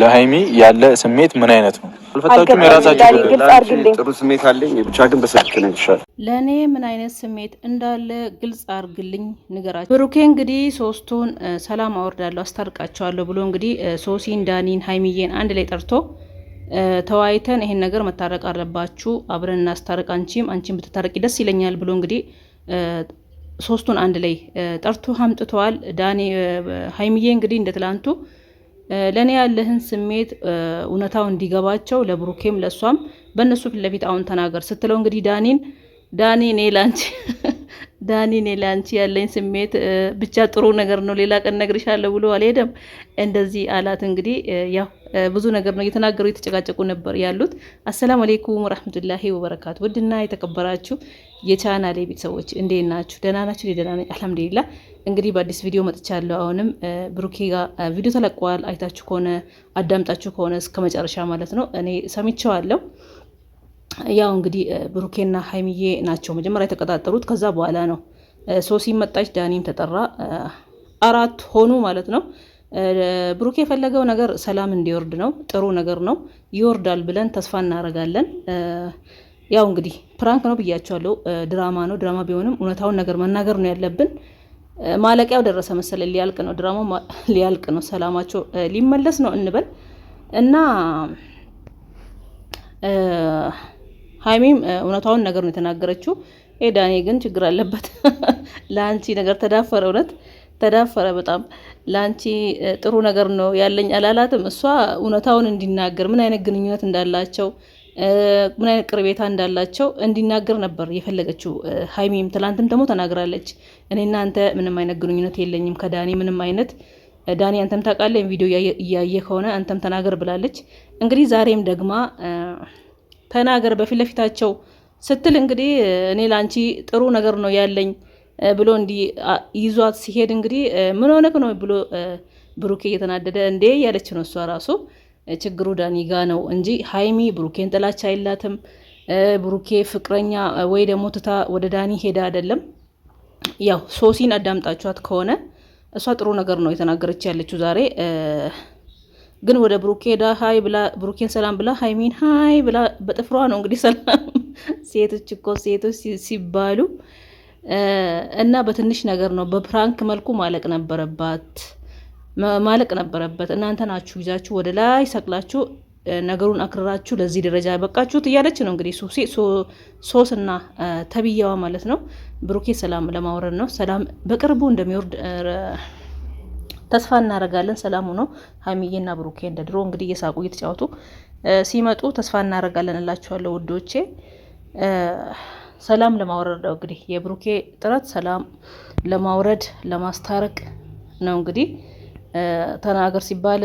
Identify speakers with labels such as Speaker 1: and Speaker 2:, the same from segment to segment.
Speaker 1: ለሀይሚ ያለ ስሜት ምን አይነት ነው? አልፈታችሁም?
Speaker 2: የራሳችሁ ጥሩ ስሜት አለኝ ብቻ ግን በስልክ ነው ይሻል።
Speaker 3: ለእኔ ምን አይነት ስሜት እንዳለ ግልጽ አርግልኝ ንገራቸው። ብሩኬ እንግዲህ ሶስቱን ሰላም አወርዳለሁ አስታርቃቸዋለሁ ብሎ እንግዲህ ሶሲን፣ ዳኒን፣ ሀይሚዬን አንድ ላይ ጠርቶ ተወያይተን ይሄን ነገር መታረቅ አለባችሁ አብረን እናስታርቅ፣ አንቺም አንቺም ብትታረቂ ደስ ይለኛል ብሎ እንግዲህ ሶስቱን አንድ ላይ ጠርቶ አምጥተዋል። ዳኒ ሀይሚዬ እንግዲህ እንደ ትላንቱ ለእኔ ያለህን ስሜት እውነታው እንዲገባቸው ለብሩኬም ለእሷም በእነሱ ፊት ለፊት አሁን ተናገር ስትለው እንግዲህ ዳኒን ዳኒ እኔ ላንቺ ዳኒ እኔ ለአንቺ ያለኝ ስሜት ብቻ ጥሩ ነገር ነው፣ ሌላ ቀን እነግርሻለሁ ብሎ አልሄደም። እንደዚህ አላት። እንግዲህ ያው ብዙ ነገር ነው እየተናገሩ የተጨቃጨቁ ነበር ያሉት። አሰላሙ አሌይኩም ወረህመቱላሂ ወበረካቱ። ውድና የተከበራችሁ የቻናሌ ቤተሰቦች እንዴት ናችሁ? ደህና ናችሁ? ደህና ነኝ እንግዲህ በአዲስ ቪዲዮ መጥቻለሁ። አሁንም ብሩኬ ጋር ቪዲዮ ተለቋል። አይታችሁ ከሆነ አዳምጣችሁ ከሆነ እስከ መጨረሻ ማለት ነው እኔ ሰምቼዋለሁ ያው እንግዲህ ብሩኬና ሀይሚዬ ናቸው መጀመሪያ የተቀጣጠሩት። ከዛ በኋላ ነው ሶሲ መጣች፣ ዳኒም ተጠራ፣ አራት ሆኑ ማለት ነው። ብሩኬ የፈለገው ነገር ሰላም እንዲወርድ ነው። ጥሩ ነገር ነው፣ ይወርዳል ብለን ተስፋ እናደርጋለን። ያው እንግዲህ ፕራንክ ነው ብያቸዋለሁ፣ ድራማ ነው። ድራማ ቢሆንም እውነታውን ነገር መናገር ነው ያለብን። ማለቂያው ደረሰ መሰለኝ፣ ሊያልቅ ነው፣ ድራማው ሊያልቅ ነው፣ ሰላማቸው ሊመለስ ነው እንበል እና ሀይሚም እውነታውን ነገር ነው የተናገረችው። ይሄ ዳኔ ግን ችግር አለበት። ለአንቺ ነገር ተዳፈረ፣ እውነት ተዳፈረ በጣም ለአንቺ ጥሩ ነገር ነው ያለኝ አላላትም። እሷ እውነታውን እንዲናገር ምን አይነት ግንኙነት እንዳላቸው ምን አይነት ቅርቤታ እንዳላቸው እንዲናገር ነበር የፈለገችው። ሀይሚም ትላንትም ደግሞ ተናግራለች። እኔ እናንተ ምንም አይነት ግንኙነት የለኝም ከዳኔ ምንም አይነት ዳኒ አንተም ታውቃለህ፣ ቪዲዮ እያየ ከሆነ አንተም ተናገር ብላለች። እንግዲህ ዛሬም ደግማ ተናገር በፊት ለፊታቸው ስትል እንግዲህ እኔ ላንቺ ጥሩ ነገር ነው ያለኝ ብሎ እንዲህ ይዟት ሲሄድ እንግዲህ ምን ሆነክ ነው ብሎ ብሩኬ እየተናደደ እንዴ ያለች ነው እሷ ራሱ ችግሩ ዳኒ ጋ ነው እንጂ ሀይሚ ብሩኬን ጥላቻ አይላትም። ብሩኬ ፍቅረኛ ወይ ደግሞ ትታ ወደ ዳኒ ሄደ አይደለም። ያው ሶሲን አዳምጣችኋት ከሆነ እሷ ጥሩ ነገር ነው የተናገረች ያለችው ዛሬ ግን ወደ ብሩኬ ሄዳ ሀይ ብላ ብሩኬን ሰላም ብላ ሀይሚን ሀይ ብላ በጥፍሯ ነው እንግዲህ ሰላም። ሴቶች እኮ ሴቶች ሲባሉ እና በትንሽ ነገር ነው በፕራንክ መልኩ ማለቅ ነበረባት ማለቅ ነበረበት። እናንተ ናችሁ ይዛችሁ ወደ ላይ ሰቅላችሁ ነገሩን አክርራችሁ ለዚህ ደረጃ ያበቃችሁት እያለች ነው እንግዲህ ሶስ እና ተብያዋ ማለት ነው። ብሩኬ ሰላም ለማውረድ ነው። ሰላም በቅርቡ እንደሚወርድ ተስፋ እናደርጋለን ሰላም ሆኖ ሀይሚዬና ብሩኬ እንደ ድሮ እንግዲህ እየሳቁ እየተጫወቱ ሲመጡ ተስፋ እናደርጋለን እላችኋለሁ ውዶቼ። ሰላም ለማውረድ ነው እንግዲህ የብሩኬ ጥረት ሰላም ለማውረድ ለማስታረቅ ነው እንግዲህ ተናገር ሲባል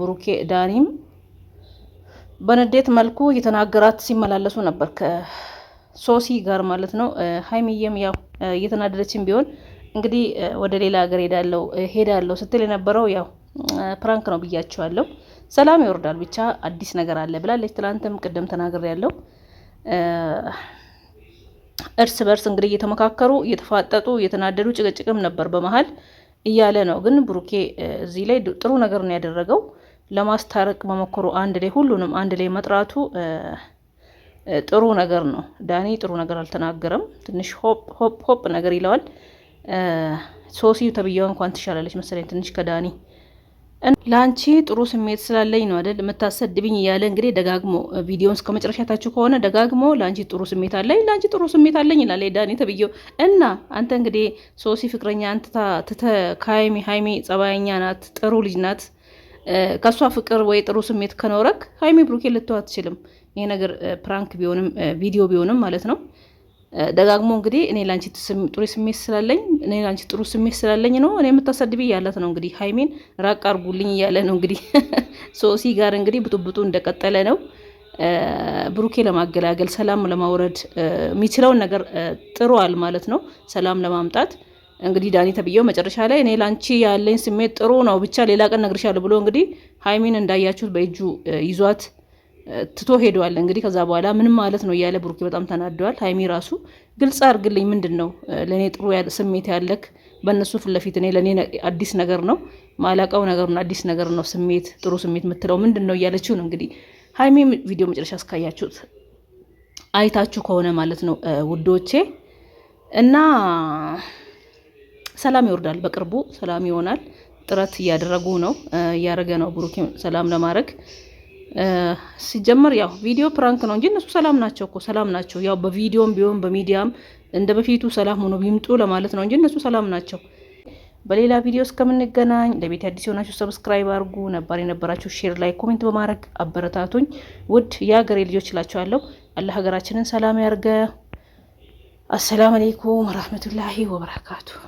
Speaker 3: ብሩኬ ዳኒም በንዴት መልኩ እየተናገራት ሲመላለሱ ነበር ከሶሲ ጋር ማለት ነው። ሀይሚዬም ያው እየተናደደችም ቢሆን እንግዲህ ወደ ሌላ ሀገር ሄዳለው ሄዳለው ስትል የነበረው ያው ፕራንክ ነው ብያቸዋለሁ። ሰላም ይወርዳል ብቻ አዲስ ነገር አለ ብላለች። ትናንትም ቅድም ተናግር ያለው እርስ በርስ እንግዲህ እየተመካከሩ እየተፋጠጡ እየተናደዱ ጭቅጭቅም ነበር በመሀል እያለ ነው። ግን ብሩኬ እዚህ ላይ ጥሩ ነገር ነው ያደረገው ለማስታረቅ መሞከሩ፣ አንድ ላይ ሁሉንም አንድ ላይ መጥራቱ ጥሩ ነገር ነው። ዳኒ ጥሩ ነገር አልተናገረም። ትንሽ ሆፕ ሆፕ ነገር ይለዋል። ሶሲ ተብዬዋ እንኳን ትሻላለች መሰለኝ ትንሽ ከዳኒ ለአንቺ ጥሩ ስሜት ስላለኝ ነው አይደል የምታሰድብኝ እያለ እንግዲህ ደጋግሞ ቪዲዮን እስከ መጨረሻ ታችሁ ከሆነ ደጋግሞ ለአንቺ ጥሩ ስሜት አለኝ ለአንቺ ጥሩ ስሜት አለኝ ይላል ዳኒ ተብዬው። እና አንተ እንግዲህ ሶሲ ፍቅረኛ አንተ ትተ ከሀይሚ ሀይሚ ጸባያኛ ናት፣ ጥሩ ልጅ ናት። ከእሷ ፍቅር ወይ ጥሩ ስሜት ከኖረክ ሀይሚ ብሩኬ ልትተው አትችልም። ይሄ ነገር ፕራንክ ቢሆንም ቪዲዮ ቢሆንም ማለት ነው ደጋግሞ እንግዲህ እኔ ላንቺ ጥሩ ስሜት ስላለኝ እኔ ላንቺ ጥሩ ስሜት ስላለኝ ነው እኔ የምታሰድቢ እያላት ነው እንግዲህ ሀይሜን ራቅ አርጉልኝ እያለ ነው እንግዲህ ሶሲ ጋር እንግዲህ ብጥብጡ እንደቀጠለ ነው። ብሩኬ ለማገላገል ሰላም ለማውረድ የሚችለውን ነገር ጥሯል ማለት ነው። ሰላም ለማምጣት እንግዲህ ዳኒ ተብዬው መጨረሻ ላይ እኔ ላንቺ ያለኝ ስሜት ጥሩ ነው ብቻ ሌላ ቀን ነግርሻለሁ ብሎ እንግዲህ ሀይሚን እንዳያችሁት በእጁ ይዟት ትቶ ሄደዋል። እንግዲህ ከዛ በኋላ ምንም ማለት ነው እያለ ብሩኬ በጣም ተናደዋል። ሀይሚ ራሱ ግልጽ አድርግልኝ፣ ምንድን ነው ለእኔ ጥሩ ስሜት ያለክ በእነሱ ፊት ለፊት እኔ ለእኔ አዲስ ነገር ነው ማላቀው ነገር ነው አዲስ ነገር ነው ስሜት ጥሩ ስሜት የምትለው ምንድን ነው እያለችው ነው። እንግዲህ ሀይሚ ቪዲዮ መጨረሻ እስካያችሁት አይታችሁ ከሆነ ማለት ነው ውዶቼ እና ሰላም ይወርዳል። በቅርቡ ሰላም ይሆናል። ጥረት እያደረጉ ነው እያደረገ ነው ብሩኬ ሰላም ለማድረግ ሲጀመር ያው ቪዲዮ ፕራንክ ነው እንጂ እነሱ ሰላም ናቸው እኮ ሰላም ናቸው። ያው በቪዲዮም ቢሆን በሚዲያም እንደ በፊቱ ሰላም ሆኖ ቢምጡ ለማለት ነው እንጂ እነሱ ሰላም ናቸው። በሌላ ቪዲዮ እስከምንገናኝ ለቤት አዲስ የሆናችሁ ሰብስክራይብ አድርጉ፣ ነባር የነበራችሁ ሼር ላይ ኮሜንት በማድረግ አበረታቱኝ። ውድ የሀገሬ ልጆች እላችኋለሁ። አላህ ሀገራችንን ሰላም ያርገ። አሰላም አሌይኩም ወራህመቱላሂ ወበረካቱ።